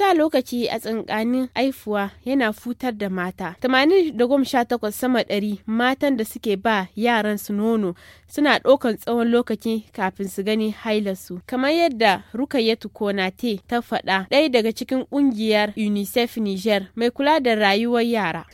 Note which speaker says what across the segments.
Speaker 1: sa lokaci a tsankanin haifuwa yana futar da mata 88 sama ɗari matan da suke ba yaran su nono suna ɗaukan tsawon lokaci kafin su gani hailarsu kamar yadda rukayyatu konate ta faɗa ɗaya daga cikin ƙungiyar unicef niger mai kula da rayuwar yara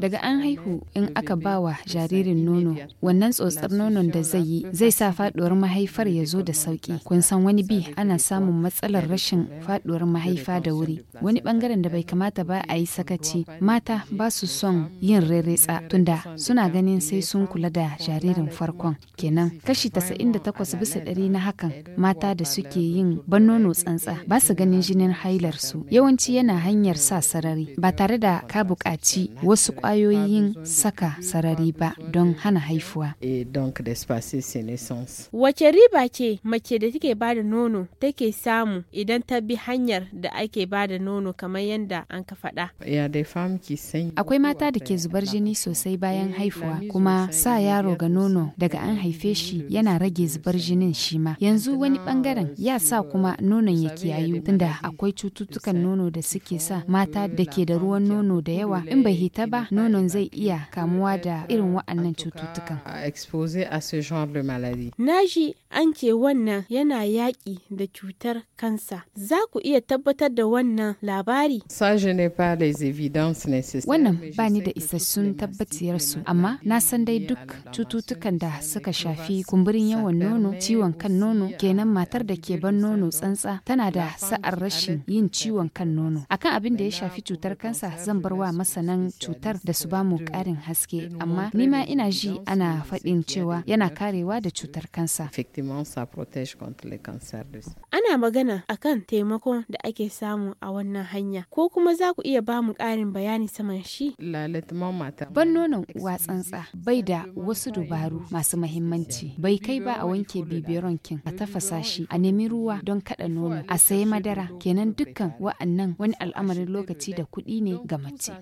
Speaker 2: daga an haihu in aka ba wa jaririn nono wannan tsotsar nonon da zai yi zai sa faɗuwar mahaifar ya zo da sauƙi kun san wani bi ana samun matsalar rashin faɗuwar al'amarin mahaifa da wuri wani bangaren da bai kamata ba a yi sakaci mata ba su son yin reretsa tunda suna ganin sai sun kula da jaririn farkon kenan kashi 98 bisa ɗari na hakan mata da suke yin ban nono tsantsa ba su ganin jinin hailar su yawanci yana hanyar sa sarari ba tare da ka buƙaci wasu ƙwayoyin saka sarari ba don hana haifuwa
Speaker 1: wace riba ce mace da take ba da nono take samu idan ta bi hanya. hanyar da ake ba da nono kamar yadda an ka faɗa.
Speaker 2: Akwai mata da ke zubar jini sosai bayan haifuwa eh, kuma sa yaro ga nono daga an haife shi yana rage zubar jinin shi ma. Yanzu wani bangaren ya sa kuma nonon ya kiyayu tunda akwai cututtukan nono da suke sa mata da ke da ruwan nono da yawa in bai hita ba nonon zai iya kamuwa da irin wa'annan cututtukan.
Speaker 1: Naji an ce wannan yana yaƙi da cutar kansa. Za ku iya
Speaker 2: tabbatar da wannan labari? Wannan ba ni da isassun tabbaciyarsu, amma na san dai duk cututtukan da suka shafi kumburin yawan nono, ciwon kan nono, kenan matar da ke ban nono tsantsa tana da sa'ar rashin yin ciwon kan nono. Akan abin da ya shafi cutar kansa zan bar wa masanan cutar da su bamu karin haske, amma ni ma ina ji ana faɗin cewa yana karewa da cutar kansa.
Speaker 1: Ana magana akan taimakon da ake samu a wannan hanya ko kuma za ku iya ba mu ƙarin bayani saman shi
Speaker 2: ban nonon uwa tsantsa bai da wasu dubaru masu mahimmanci bai kai ba a wanke bibironkin a tafasa shi a nemi ruwa don kada nono a sayi madara kenan dukkan wa'annan wani al'amarin lokaci da kuɗi ne ga mace